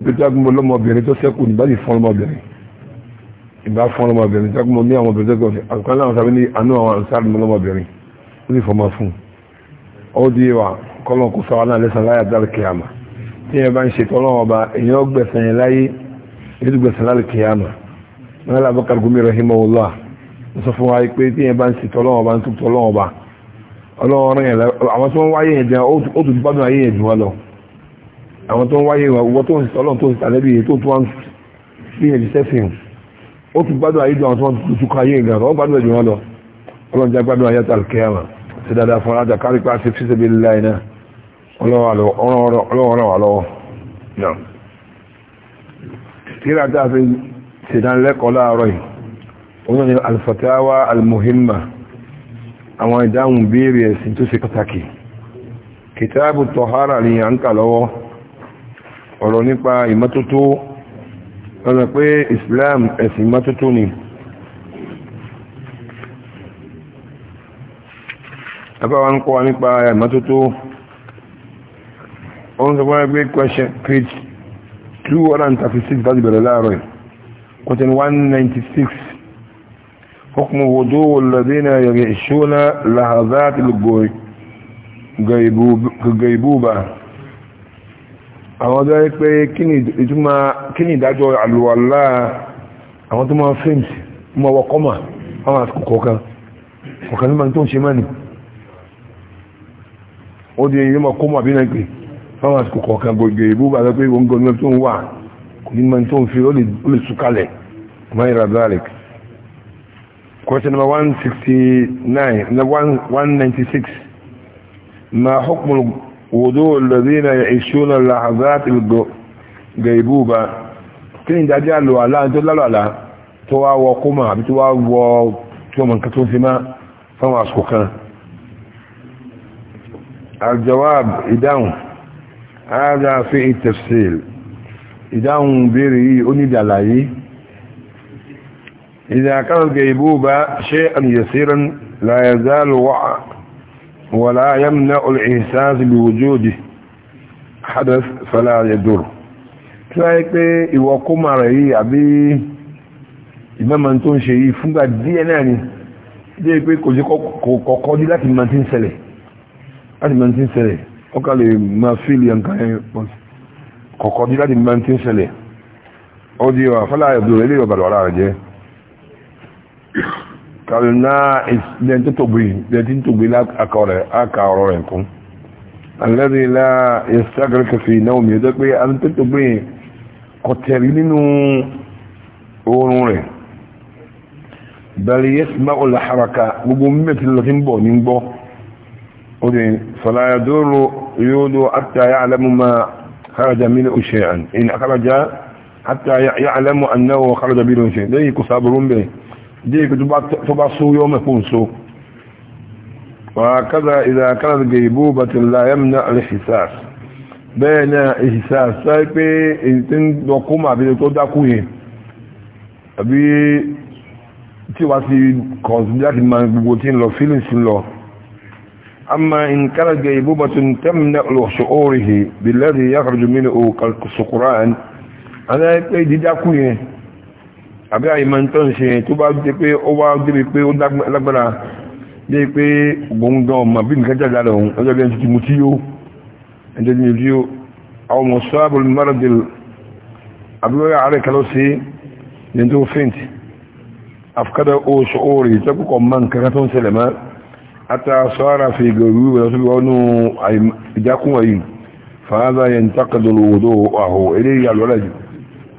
ìgbẹ́jágúnmọ́ lọ́mọbìnrin tó sẹ́kù ní báyìí fún ọmọbìnrin ìbá fún ọmọbìnrin jágúnmọ́ ní àwọn obìnrin tẹ́kọ̀ọ́ àkọ́kọ́ láwọn sábẹ́ ní àánú àwọn àǹsáàrì lọ́mọbìnrin ó sì fọmọ fún ó di wà kọ́lọ́n kó sáwọn náà lẹ́sàn láyà dálì kìyàmà tí yẹn bá ń ṣe tọ́lọ́wọ́ ọba èèyàn gbẹ̀sẹ̀ yẹn láyé èyí gbẹ̀sẹ̀ lálì kìyàmà mọ́lá abọ́kar gumi rahimahullah ó sọ fún wa pé tí yẹn bá ń ṣe tọ́lọ́wọ́ àwọn tó ń wáyé ìwọ̀n tó ń sọ ọlọ́run tó ń tàlẹ́bí tó tó ń fi ẹ̀jì sẹ́fìn ó ti gbádùn ayé ju àwọn tó ń tutù ká ayé ìgbà ó gbádùn ẹ̀jù wọn lọ ọlọ́run já gbádùn ayé àtàlùkẹ́ àmà ṣe dáadáa fún alájà kárí pa ṣe fíṣẹ́ bíi láì náà ọlọ́run wà lọ́wọ́ tíra tá a fi ṣèdánilẹ́kọ̀ọ́ láàárọ̀ yìí òun ni alfatawa almuhimma àwọn ìdáhùn béèrè ẹ̀sìn tó ṣe pàtàkì kìtàbù tọ̀hárà ni à ń kà lọ́wọ́ ọ̀rọ̀ nípa ìmọ́tótó ọ̀rọ̀ pé Islam ẹ̀sìn ìmọ́tótó ni afẹ́wà ń kọ́ wa nípa ìmọ́tótó ọ̀rọ̀ sọ wọ́n gbé question page 236 bá ti bẹ̀rẹ̀ láàárọ̀ question 196 حكم وضوء الذين يغشون لحظات الغيبوبة àwọn ọjọ́ pé kí ni ìdájọ́ àlùwàlá àwọn tó máa fíìmù mọ́ ọwọ́ kọ́mà àwọn àsìkò kọ̀ọ̀kan ọ̀kan ní ma tó ń ṣe mẹ́ni ó di èyí mọ́ kọ́mà bí náà pé àwọn àsìkò kọ̀ọ̀kan gbogbo ìbú bá lọ pé wọ́n gọ́ níwọ̀n tó ń wà kò ní ma tó ń fi ó lè súkalẹ̀ mayra dalek question number 169 196 ma hukmul ودو الذين يعيشون اللحظات الغيبوبة كين دا جالو على انت لا لا لا توا وقما بتوا و تو من كتون فيما فما اسكوكا الجواب إداون هذا في التفصيل إداون بيري أني دالاي إذا كان الغيبوبة شيئا يسيرا لا يزال وقع ولا يمنع الإحساس بوجوده حدث فلا يدر tíwáyé pé ìwọ kó máa rẹ̀ yìí àbí ìmọ̀mọ̀ tó ń ṣe yìí fúngbà díẹ̀ náà ni dé pé kò sí kọ̀kọ́ dí láti máa ti ń ṣẹlẹ̀ láti máa ti ń ṣẹlẹ̀ ọkà lè máa fíìlì nǹkan ẹ̀ kọ̀kọ́ dí láti máa ti ń ṣẹlẹ̀ ó di wà fọ́lá ẹ̀dùn ilé ìwọ̀bàlọ̀ ara rẹ̀ jẹ́ kàlùnà ìdẹ̀ntí tóbi ìdẹ̀ntí tóbi láka ọ̀rọ̀ rẹ̀ kún alẹ́rìí la ìsàgẹ́rẹ́kẹfì náà mi ọjọ́ pé àdẹ̀ntí tóbi kọ̀tẹ̀rí nínú oorun rẹ̀ bẹ̀rẹ̀ yẹ́sìmá olàharaka gbogbo mímẹ̀tí lọ sí ń bọ̀ ní gbọ́ ó fọláyàdóró yóò lọ àtàyà alẹ́mùmá خرج منه شيئا إن خرج حتى يعلم أنه خرج منه شيئا لا به dé ikú tó bá só yọ́ mẹ́kún só wàkádà ìdàkádà gẹ̀ẹ́bó bàtìlá yẹ́mìnà alìsìsáàs bẹ́ẹ̀ ní alìsìsáàs sáyé pé èyí tí ń dọkún àbí tó dákú yẹn àbí tí wá sí kọ̀nsìdáàtì máa gbogbo tí ń lọ fílìn sí lọ amma in kára gẹ̀ẹ́bó bàtìlá tẹ́mìnà lọ́ṣọ́ orí bìlẹ́rì yàkàrùjù mí àbí àìmọ̀ tó ń ṣe tó bá jẹ́ pé ó wá débi pé ó lágbára débi pé gbóngàn ọmọ bí nǹkan jáde lára òun ọjọ́ bí ẹni tuntun mutí yó ẹni tuntun mutí yó àwọn ọmọ sábà mọ́rọ̀dìl àbí wọ́n ààrẹ kalọ́ sí ní tó faint afkada oṣù orí tẹ́kùkọ̀ mọ́ nǹkan tó ń ṣẹlẹ̀ mọ́ ata sọ́ra fi gẹ̀rú wọ́n tó bí nù ìjákùn wọ̀nyí fàáza yẹn takadolo wòdó àhó eléyìí àlọ́lá jù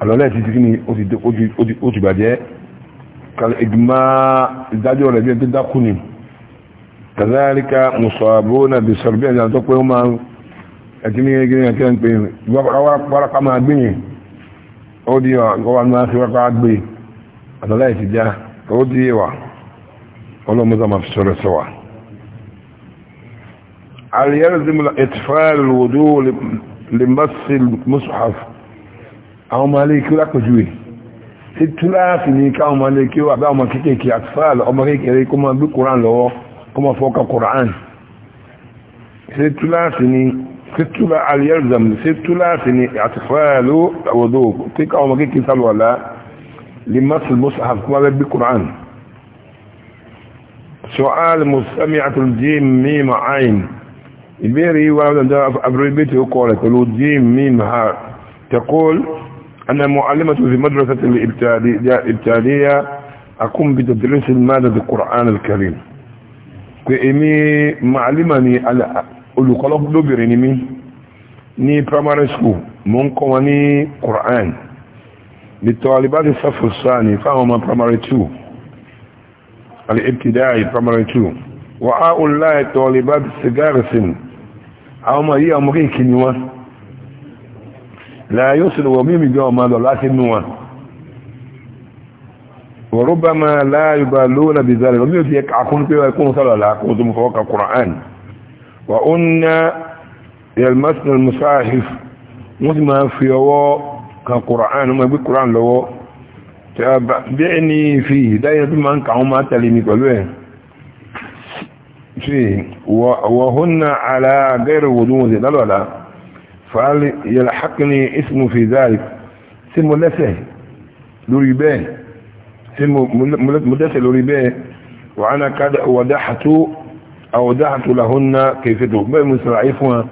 àlọ́lẹ̀ ti kí ni ó ti bàjẹ́ ìgbìmọ̀ ìdájọ́ rẹ̀ bí ẹ tó dákú ni kàzáríkà mùsọ̀bọ́nà bí sọ̀rọ̀bí ẹ̀dà tó pé ó máa ẹ̀tí ní gẹ́gẹ́ ẹ̀kẹ́ ń pè wárápá máa gbìyàn ó di ọwà máa fi wárápá gbé àtàlá lè mọ́sí mùsùlùmí àwọn ọmọ alẹ́ ikú lápẹjúwe tí túláàsì ní káwọn ọmọ alẹ́ ikú àbí àwọn ọmọ kéékèèké àtúfáàl ọmọ kékeré kó máa gbé koran lọ́wọ́ kó máa fọ́ka koran tí túláàsì ní tí túlá aliyaruzam tí túláàsì ní àtúfáàl àwọ̀dó tí káwọn سؤال مستمعة الجيم ميم عين ìbéèrè yìí wá lọ́dọ̀ abúrúbẹ́tì ó kọ́ rẹ̀ pẹ̀lú jíìm mím ha tẹ́kọ́l أنا معلمة في مدرسة الإبتالية أقوم بتدريس المادة القرآن الكريم كإمي معلمني على ألوكالوك دوبريني مي ني براماري سكول منكواني قرآن للطالبات الصف الثاني فهم براماري 2 الابتدائي براماري 2 وهؤلاء الطالبات الصغار سن أو ما هي أمريكي نواس لا يسر وميم جو ما لولات النوان وربما لا يبالون بذلك وميم يتيك عقون فيه ويكون صلى الله عقون ثم فوق القرآن وأن يلمسنا المصاحف مثل في هو كقرآن وما يقول القرآن له تابعني فيه دائما ثم أنك عما تلمي قلوه فيه وهن على غير وجود لا لا فقال يلحقني اسمه في ذلك اسم لسه لوري اسم ملسه مدسه وانا كاد ودحت او دحت لهن كيفته بقى مستلعيفها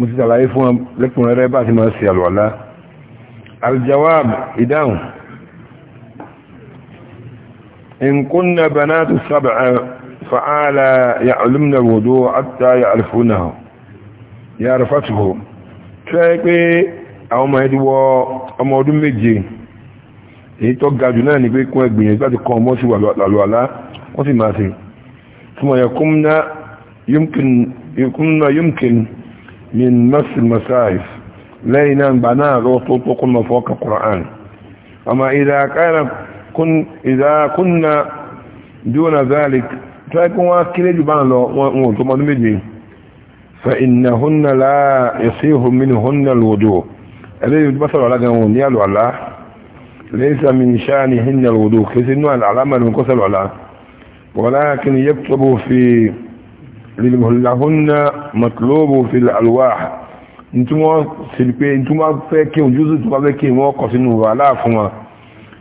مستلعيفها لكم ريبات ما أسيال ولا الجواب إداهم إن كنا بنات السبع فعلى يعلمنا الوضوء حتى يعرفونه يعرفتهم fẹ́ pé àwọn ọmọ ẹni wọ ọmọ ọdún méje èyí tó ga jù náà ni pé kún ẹgbìyànjú láti kọ́ ọmọ sí wà lọ́lọ́ àlá wọ́n sì máa ṣe ثم يقومنا يمكن يقومنا يمكن من مس المسائف لا ينام بناء غوطوط قلنا فوق القرآن أما إذا كان كن إذا كنا دون ذلك فيكون واكلي جبان لو ثم نمجي فإنهن لا يصيح منهن الوضوء الذي البصر على جنون يالو الله ليس من شأنهن الوضوء كسنوا العلامة المنكسر على ولكن يكتب في لهن مطلوب في الألواح انتم سلبي انتم فاكي وجوز انتم فاكي موقف انه على فما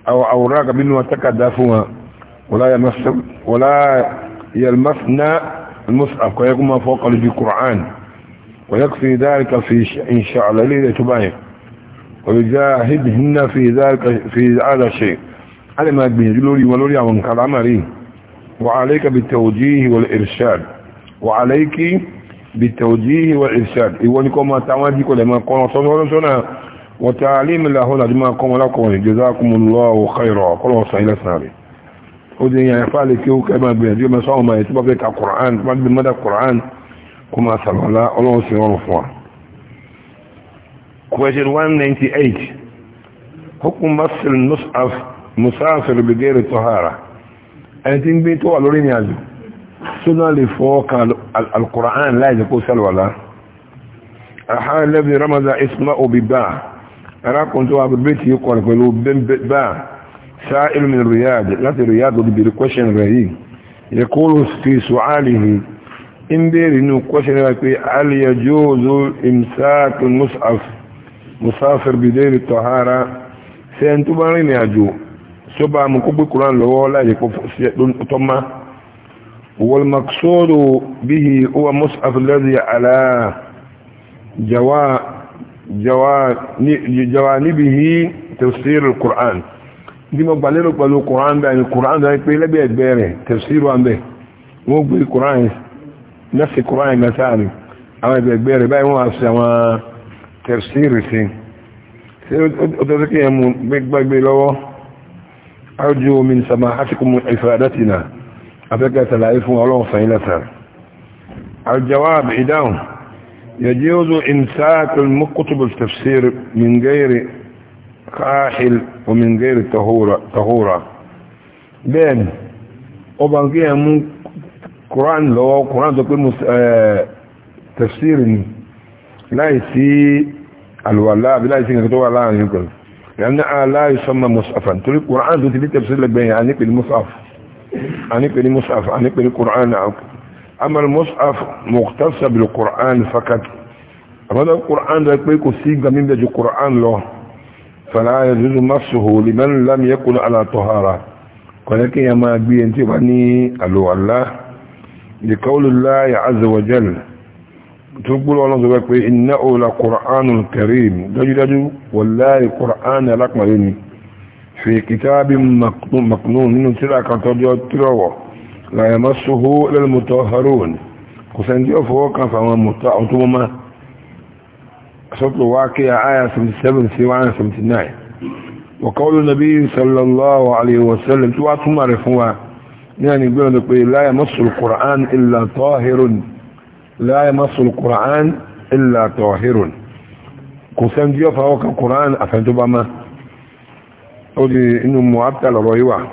او اوراق بانه تكدفوا ولا يمس ولا يلمسنا المصحف ويكون ما فوق القرآن ويكفي ذلك في إن شاء الله ليلة تباين ويجاهدهن في ذلك في هذا الشيء على ما بيجلوري ولوري عن عمري وعليك بالتوجيه والإرشاد وعليك بالتوجيه والإرشاد إيوانكم ما تعمدك لما قلنا عليه وسلم وتعليم الله لما قلنا لكم جزاكم الله خيرا قلوا عليه وسلم ó di yàn ẹ̀fà lè kí ó kẹ́bà gbìyànjú ọmọ sọ́wọ́n ma ètò bá fẹ́ ka Qur'an bá bí mọ́dá Qur'an kó máa sàlọ́lá ọlọ́run sí ọrùn question 198 hukum masil musaf musafir bigere tohara ẹni tí ń gbé tó wà lórí ní àjò suna lè fọ́ ka al-Qur'an láì jẹ́ kó sàlọ́lá àhán lẹ́bi ramadan isma obi bá arákùnrin tó wà bẹ́ẹ̀ tí ó kọ̀ pẹ̀lú bẹ́ẹ̀ سائل من الرياض التي الرياض بالكوشن رهيب يقول في سؤاله إن بيرنو كوشن هل يجوز إمساك المصحف مسافر بدير الطهارة سينتبرين يجو سبع مكوب القرآن لولا يكون طمع والمقصود به هو مصحف الذي على جوا جوا جوانبه تفسير القرآن bí mo gbà lérò pẹ̀lú koran bẹ́ẹ̀ ni koran bẹ́ẹ̀ pé lẹ́gbẹ̀ẹ́ ẹgbẹ́ rẹ̀ tẹ̀síru àmbẹ̀ wọ́n gbé koran nẹ́sì koran ẹgbẹ́ sáàrì àwọn ẹgbẹ́ ẹgbẹ́ rẹ̀ báyìí wọ́n wá sí àwọn tẹ̀síru sí ṣé ó tẹ́sí kí ẹmu gbẹ́gbẹ́ lọ́wọ́ arjú omi nsàmà àtikùn ìfàdátìnà afẹ́kẹ́ الجواب إداهم يجوز إمساك المكتب التفسير من غير káàhìl omin gẹ́rì tahura bẹ́ẹ̀ni ọba kí ẹ mú koran lọ́wọ́ koran tó pé tafsiri ni láìsí alwala àbí láìsí nǹkan tó wà láàrin pẹ̀lú yàmì aláì sọ́mà musafan torí koran tó ti ní tafsiri lẹ́gbẹ̀yìn a ní pẹ̀lú musaf a ní pẹ̀lú musaf a ní pẹ̀lú koran amal musaf mọ̀tásàbìl koran fakat àbádọ́ koran rẹ̀ pé kò sí gbàmí bẹ̀jù koran lọ́wọ́ فلا يجوز مسه لمن لم يكن على طهارة ولكن يما بينتبني ألو الله لقول الله عز وجل تقول الله سبحانه إنه لقرآن كريم دجدج والله قرآن لكم في كتاب مقنون مقنون من تلك تروى لا يمسه إلا المتوهرون كسنجي أفوقا فما متعطوما سورة واقع آية السبن سيوانا 77 الناية وقول النبي صلى الله عليه وسلم تواتم عرفوا يعني يقولون يقول إيه؟ لا يمص القرآن إلا طاهر لا يمص القرآن إلا طاهر كسان جيفا وكا القرآن أفنتو بما أودي إنه معبتل رويوة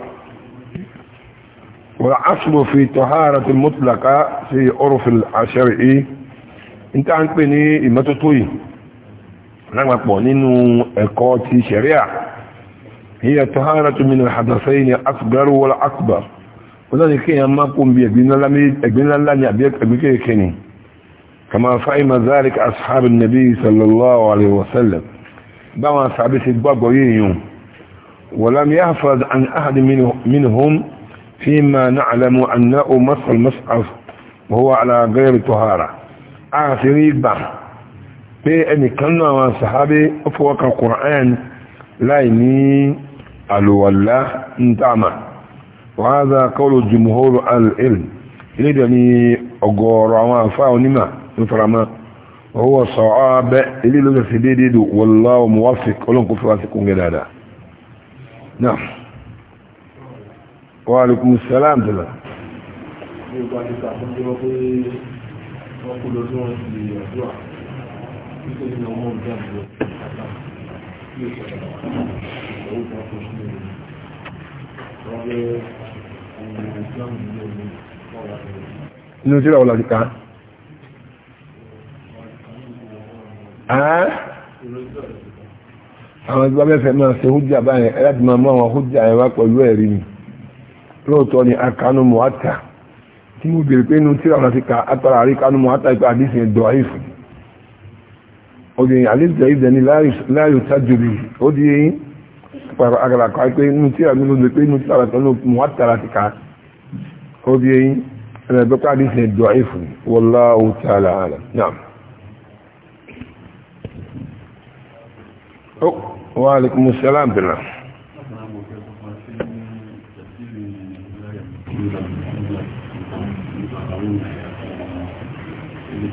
والعصل في طهارة المطلقة في عرف العشرعي انت عنك بني تطوي lápapọ̀ nínú ẹ̀kọ́ ti ṣẹ̀ríà hiya taharatu min al-hadathayn al-asghar wal-akbar wọ́n láti kí èèyàn máa kún bí ẹ̀gbìn ńlá ní àbí ẹ̀gbìn kéèké ni kama fa'ima zalika ashabu nabi sallallahu alaihi wasallam báwọn sàbí ti gbàgbọ́ yíyùn ولم يحفظ عن أحد منهم فيما نعلم أنه مصر المصحف وهو على غير طهارة آخر يقبع pé ẹnìkan náà àwọn sàhábé ó fọwọ́ kan Qur'an láì ní àlùwàlá ń tààmà wa hadha qawlu jumhur al-ilm ilé ìdẹ̀ ni ọgọ́rọ̀ àwọn àfá onímọ̀ ń farama wa huwa sawab ilé ìlú sí déédéé sí kúngẹ́ nítorí náà wọ́n jẹ́ àbúrò inú tí ìràwọ̀ làjíká àwọn ìgbà mẹ́fẹ̀ẹ́ máa ṣe hújá báyìí láti máa mọ́ àwọn hújá ẹ̀wà pẹ̀lú ẹ̀rí ni lóòtọ́ ni akánú mọ́ta tí mo bèèrè pé inú tí ìràwọ̀ làjíká àtàrà àríkánú mọ́ta ìgbà àdísìn ẹ̀dọ̀ àìfún obìnrin àlejò ìdẹ ni láàyò tájú bí ó di agàlà kan pé inú tí àmì lóde pé inú tí àrà tán ló mú àtàrà ti ká ó di eyín ẹ̀rọ ẹgbẹ́ pàdé ìsìn ẹ̀dọ̀ àìfù wallahu ta'ala a'lam náà. ó wa alaikum salam bìnà.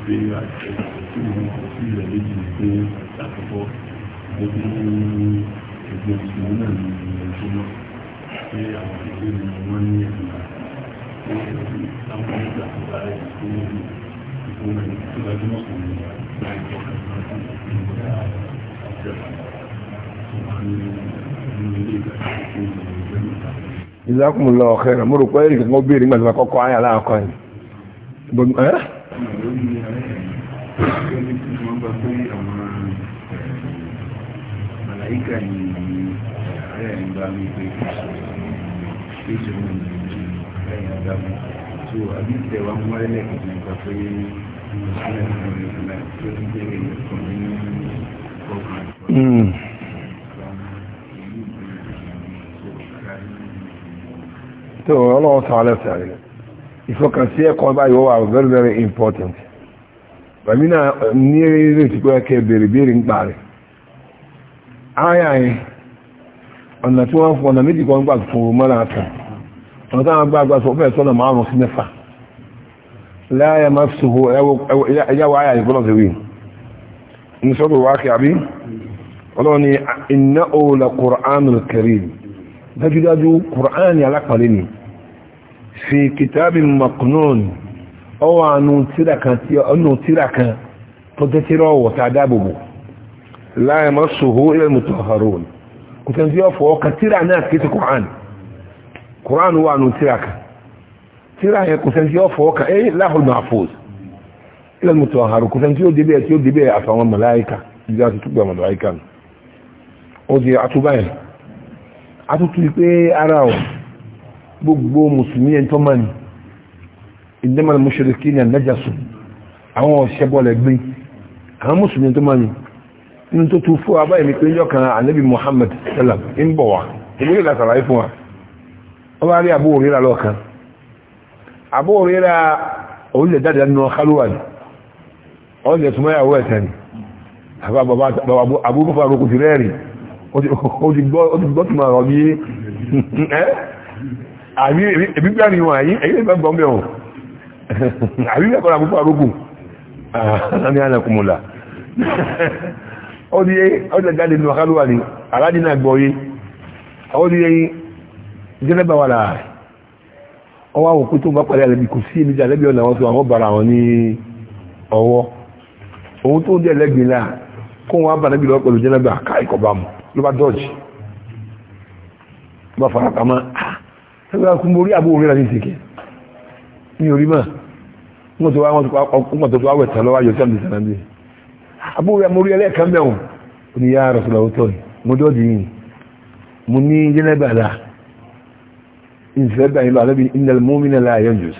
Thank you pé àkọ́kọ́ gbogbo ẹgbẹ́ ìṣòwò náà ní ẹjọ́ náà pé àwọn ìṣe ni wọ́n ní ẹ̀sùn náà pé àwọn ìgbà tó bá rẹ̀ tó ní ìṣòwò náà ní tó dájú náà kò ní ìgbà ìjọba náà tó ní ìgbà ìjọba jazakum allah khairan mo rò pé èrè kankan béèrè nígbà tí wọn kọ́kọ́ ayé aláàkọ yìí. ẹ àyíká yìí ààrẹ ìgbà wípé kéṣù òun lẹ́yìn àdámù tó àbíntẹ̀ wa mú wáyé lẹ́kọ̀ọ́ nípa pé Mm. tó ọlọ́wọ́ sọ alẹ́ sàárẹ̀ ìfọkànsí ẹ̀kọ́ báyìí wọ́n wà very very important bàmí náà ní eré tí pé ẹkẹ bèrè bèrè ń parí áyà yẹn ọ̀nà tí wọ́n fún ọ̀nà méjì kan gbà fún mọ́ra àtàn ọ̀nà táwọn gbà gbà fún ọ̀fẹ́ sọ́nà márùn-ún sí mẹ́fà láyà má fi ṣòwò ẹyáwó áyà yìí gbọ́dọ̀ wí ní sọ́dọ̀ wá kí àbí ọlọ́run ni iná òòlà Qur'anul Karim dájúdájú Qur'an alápàlẹ́ ni fi kìtàbí maknun ọwọ́ àánú tíra kan tó jẹ́ tíra dábòbò لا يمسه إلا المتطهرون كنت نزيه فوق كثير عناك كيس القرآن القرآن هو عنه تراك تراك كنت نزيه فوق أي له المحفوظ إلا المتطهرون كنت نزيه دبيه تيو دبيه أفهم الملائكة جاتي تبقى ملائكة أوزي أتوباين أتوتي بي أراو gbogbo مسلمين ẹni tó máa ní ìdẹ́mọ̀lẹ̀ mọ́ṣẹ́lẹ̀kí ní ànájásùn àwọn ọ̀ṣẹ́bọ̀lẹ̀ gbé ní tó tún fún abáyé mi pé yọ kan ànábì Muhammad sallam ń bọ̀ wá ìgbé ìlà sàlàyé fún wa wọ́n bá rí Abu Hurairah lọ́ọ̀kan Abu Hurairah orílẹ̀ jáde nínú kálúwà ní ọ̀lẹ̀ túnmọ́ ìyàwó ẹ̀sẹ̀ ni àbúrúkọ àrùkù ti rẹ́rì ó ti gbọ́ túnmọ̀ ọ̀rọ̀ bí ẹ̀bígbà ni wọ́n àyíkẹ́ ìgbà gbọ́m̀bẹ̀ wọn àbígbà kọ́ ọdíyẹ ọdíjáde ní wàkálùwà ní aládínà gbọ́yé ọdíyẹ jẹ́lẹ́bà wà láàá ọwọ́ àwòkú tó bá parí alẹ́bí kò sí ìmìjà alẹ́bí ọ̀nà wọn tó àwọn bàrà wọn ní ọwọ́ òun tó ń dẹ̀ lẹ́gbìn náà kó wọn bá lẹ́bí lọ́pẹ̀lú jẹ́lẹ́bà káìkọ̀ bá mu ló bá dọ́ọ̀jì bá fara pamọ́ ẹgbẹ́ ah, kú mórí àbúrò rẹ̀ ní ìsìnkẹ́ ní orí mọ́ wọ́n tó wá wẹ̀ tán àbúrò mo rí ẹlẹ́ẹ̀kan mẹ́wọ̀n ó ní yá rọ̀sọ̀lọ̀ òótọ́ yìí mo dọ́ọ̀dì yìí mo ní jẹ́nẹ́bà la ìfẹ́bà ìlú alẹ́bí ìdàlmọ́mìnà láàyàn jùs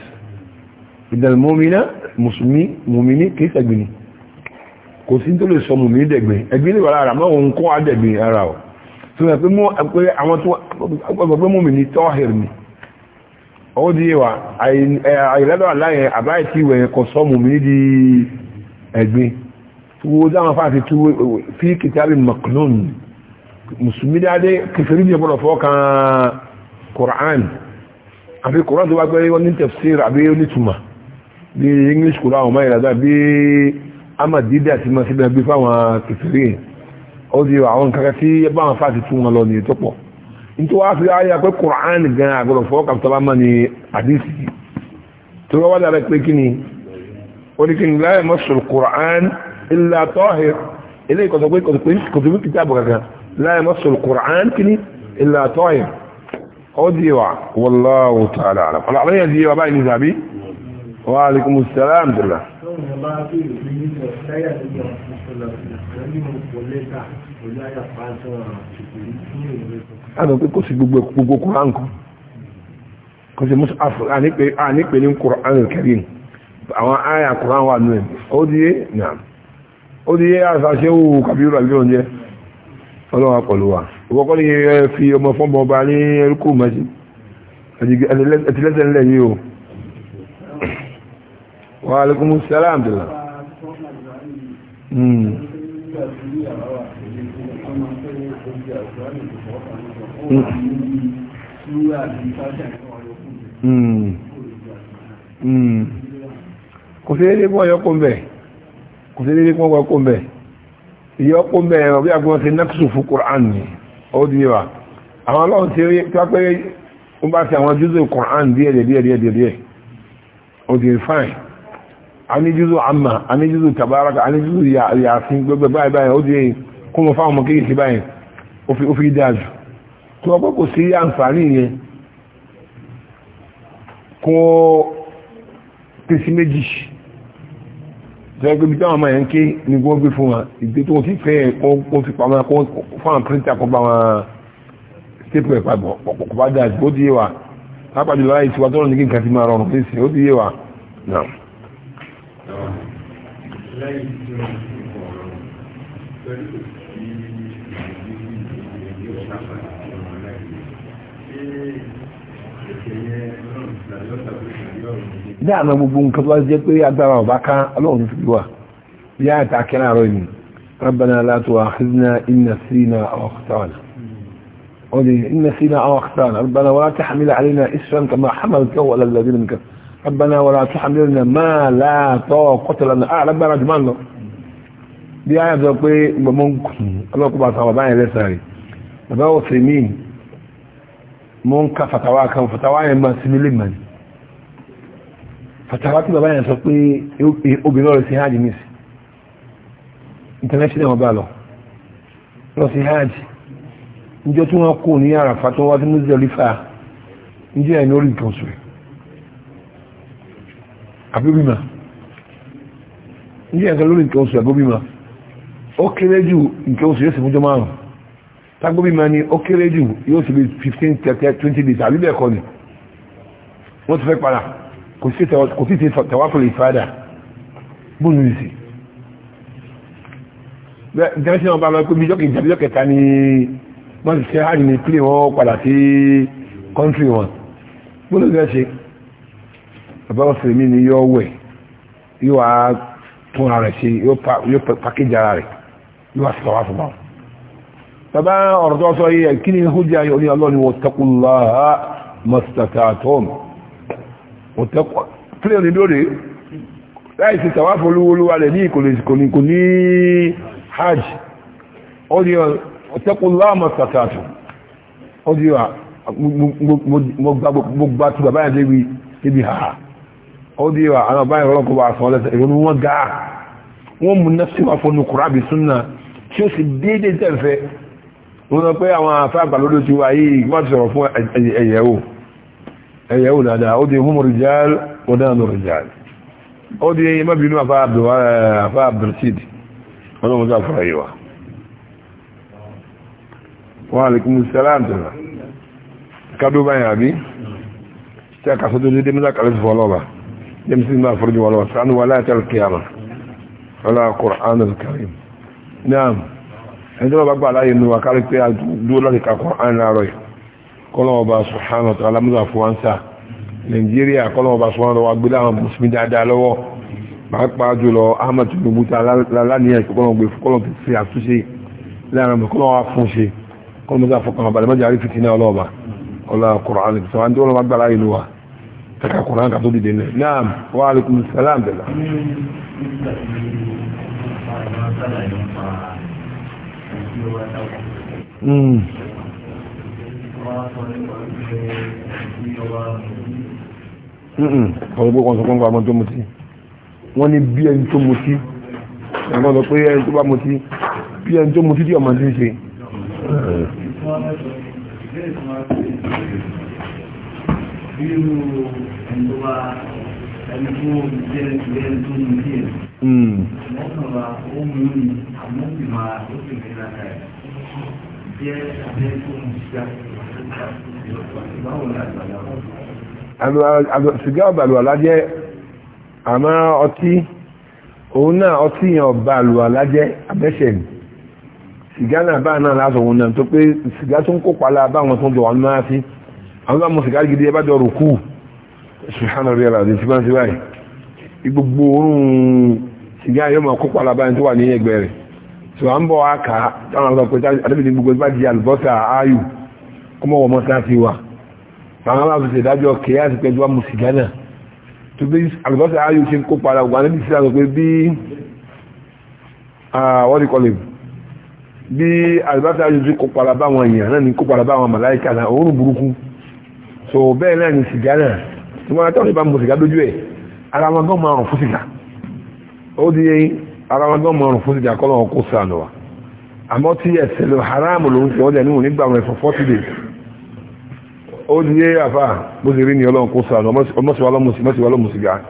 ìdàlmọ́mìnà mùsùlùmí mùmìnì kìí sẹ́gbìnì kò sí tó lè sọ mùmìnì dẹ̀gbìn ẹgbìn lè wà lára mọ́ òun kọ́ àdẹ̀gbìn ara ọ̀ tó yẹ pé àwọn tó gbọ́gbọ́ pé mùmìnì tọ́hìr ni ó di wa àìlẹ́dọ̀ aláyẹn àbáyé tí wẹ̀ kọ sọ mùmìnì di ẹ̀gbìn wo dáwọn fàáfi tí fi kìtàbí maknun musulmi dáadé kìfèrí jẹ́ bọ́lọ̀ fọ́kàn koran àfi koran tó wá pẹ́ wọ́n ní tafsir àbí onítùmà bí english kura àwọn máa ìrádá bí amadidi àti masida bí fáwọn kìfèrí ó di àwọn kankan tí báwọn fàáfi tún wọn lọ ní ìtọ́pọ̀ nítorí wá fi ayé pé koran gan àgbọ̀lọ̀ fọ́kàn tó bá mọ́ ní àdìsí tó wá wá dára pé kí ni ó ní kí ni láyé mọ́sùl koran ilà tọ́hìr ilé ìkọ̀sọ̀pé kòtùmí kìtàbù kankan láyé mọ́sùl kùrán kìíní ilà tọ́hìr ó díwà wallahu ta'ala alam aláàrẹ yẹn díwà báyìí ní sàbí wa alaikumus salam dìlà àmọ́ pé kò sí gbogbo kùrán kan kò sí mọ́sùl ànípe ní kùrán kẹrin àwọn àyà kùrán wà nù ẹ̀ ó díye nàm ó di yẹ́ àṣàṣẹ́ òwò kàbírù àbí oúnjẹ ọlọ́wà pọ̀lú wa ìwọ́kọ́ ni fi ọmọ fọ́mọ ọba ní ẹrúkú mẹ́sì àti lẹ́sẹ̀ ńlẹ̀ yìí o wa alaikum salam dìlà hmm. hmm. hmm. kò sí ẹgbẹ́ ọ̀yọ́kùn bẹ́ẹ̀ kò sí nílé kó kó mbẹ ìyọ́ kó mbẹ agbọ́n ti nẹ́kùsù fún Qur'an ni ó di wa àwọn ọlọ́run ti rí tó pé ó bá ti àwọn jùzọ Qur'an díẹ̀ díẹ̀ díẹ̀ díẹ̀ díẹ̀ ó di fine a ní jùzọ àmà a ní jùzọ tabaraka a ní jùzọ yàásín gbogbo báyìí báyìí ó di kó mo fáwọn ọmọ kéèké báyìí ó fi dáa jù tó ọgbọ́ kò sí àǹfààní yẹn kó pèsè méjì tẹ́gbẹ́ bí táwọn ọmọ yẹn ń ké ní wọ́n gbé fún wa ìgbé tó ti fẹ́ kó fi pamọ́ kó fáwọn píríntà kó bá wọn stéèpù ẹ̀ pàbọ̀ kó bá dáa ó di yé wa lápàdé láyé tiwa tó lọ ní kí nǹkan ti máa rọrùn fún ìsìn ó di yé wa. Thank you ní àná gbogbo nǹkan tó bá jẹ́ pé agbára ọ̀bá ká ọlọ́run fi wà bí a ta kẹ́rẹ́ àárọ̀ ni rabbana la tu'akhidhna in nasina aw akhta'na ọdún in nasina aw akhta'na rabbana wala tahmil alayna isran kama hamaltahu ala alladhina min qablina rabbana wala tuhamilna ma la taqata lana àlágbára ah, kan fàtàwà tí bàbá yẹn sọ pé obìnrin ọ̀rọ̀ sí hajj miss international ọba lọ lọ sí hajj níjọ tí wọ́n kó ní àràfà tó wá sí Muzdalifa níjọ yẹn lórí nǹkan àbíbímà níjọ yẹn lórí nǹkan àbíbímà ó kéré jù nǹkan yóò sì márùn tágbóbímà ni ó kéré jù yóò sì bí fifteen thirty twenty days àbíbẹ̀ kọ́ kò sí ti tawakul ìfádà bóòlù ìsì jẹ́sí ọba lọ pé bíjọ́ kìí jẹ́ kẹta ni wọ́n ti ṣe hajj ní pílẹ̀ wọ́n padà sí kọ́ntrí wọn bóòlù ìsì ọba ọ̀sẹ̀ mi ni yọ wẹ̀ yóò wá tún ara rẹ̀ ṣe yóò pàkéjì ara rẹ̀ yóò wá sí tọwá fún bàbá ọ̀rọ̀ yìí kí ni hujja yóò òtẹ́kọ̀ fílẹ̀ ní lóde láì sí tàwáfò olúwolúwa rẹ̀ ní ìkòlìkò ní hajj ó di òtẹ́kọ̀ láàmọ̀ sàtàtù ó di mo gbà tí bàbá yẹn débi débi ha ó di àwọn bàbá yẹn rọ́lọ́kọ̀ wà sọ lẹ́sẹ̀ ìrònú wọn ga wọn mú náà síwá fún nukura bí súnà tí ó sì déédéé tẹ̀fẹ́ wọn pé àwọn afẹ́ lórí ti wáyé ìgbọ́n ti sọ̀rọ̀ fún ẹ̀yẹ̀ ẹ̀yẹ̀ wò dáadáa ó di húmù rìjáàl wọ́n dáadáa rìjáàl ó di má bínú afá abdulsid wọ́n náà wọ́n sá fara yíwa wọ́n alaikum salam tẹ̀lá kádó báyìí àbí tí a kàsọ́ tó dé démúdá kàlẹ́sì fọlọ́ba démúsí máa fọ́rọ́jú wọn lọ́wọ́ sánú wà láti alkiyama wọ́n láà kọ́lọ́mọba subhanahu wa ta'ala múlò àfọwánsá nàìjíríà kọ́lọ́mọba subhanahu wa gbé láwọn mùsùlùmí dáadáa lọ́wọ́ pàápàá jùlọ ahmed tinubu ta lálàníyàn ìkọ́lọ́mọgbé kọ́lọ́mọ ti àtúnṣe láàrin mi kọ́lọ́mọ afúnṣe kọ́lọ́mọ ti àfọkàn àbàlẹ̀ mọ́jà rí fìtínà ọlọ́ọ̀bà ọlá kùránì tí wọ́n dúró máa gbára ìlú wa kàkà kùránì kà tó dìde ní naam wa alaikum salam bẹ̀rẹ̀. Mm ọ̀rọ̀ pé wọ́n sọ fún ọmọ tó mutí wọ́n ní bí ẹni tó mutí ẹ̀kọ́ sọ pé ẹni tó bá mutí bí ẹni tó mutí tí ọmọ ti ń ṣe Mm. mm sìgá ọ̀bàlùwà lájẹ́ àmá ọtí òun náà ọtí yẹn ọ̀bàlùwà lájẹ́ abẹ́ṣẹ̀ ni sìgá náà bá náà láàzọ̀ òun náà tó pé sìgá tó ń kópa láà bá wọn tó jọ wọn máa sí àwọn bá mọ sìgá gidi ẹbá jọ rùkú ṣùgbọ́n rí ara rẹ̀ gbogbo orun sìgá yóò máa kópa láà tó wà ní ẹgbẹ́ rẹ̀ so à ń bọ̀ wá kà á táwọn ọ̀sán pé àdébìtì gbogbo bá di àlùbọ́sà ayù kó mọ̀ wọ́n mọ́ sáà sí wa àwọn aláàbò ṣe ìdájọ́ kéyà sí pẹ́jú wa mu sìgá náà tó bí àlùbọ́sà ayù ṣe ń kó padà wà níbi sí àgbẹ̀ pé bí wọ́n ti kọlẹ̀ bí àlùbọ́sà ayù ṣe kó padà bá wọn èèyàn náà ní kó padà bá wọn màláìkà náà òórùn burúkú so bẹ́ẹ̀ náà ní sìgá náà tí wọ́n táwọn ìbá mu sìgá lójú ẹ̀ ara wọn gán máa rùn fún sìgá ó di eyín ara wọn gan mọ̀rùn fún ìjà kọ́lọ̀ ọkọ̀ sànù wa àmọ́ tí ẹ̀sẹ̀ lọ haramu ló ń fi ọjà níwò nígbà wọn ẹ̀fọ́ 40 days ó di yé àfà bó ti rí ní ọlọ́run kó sànù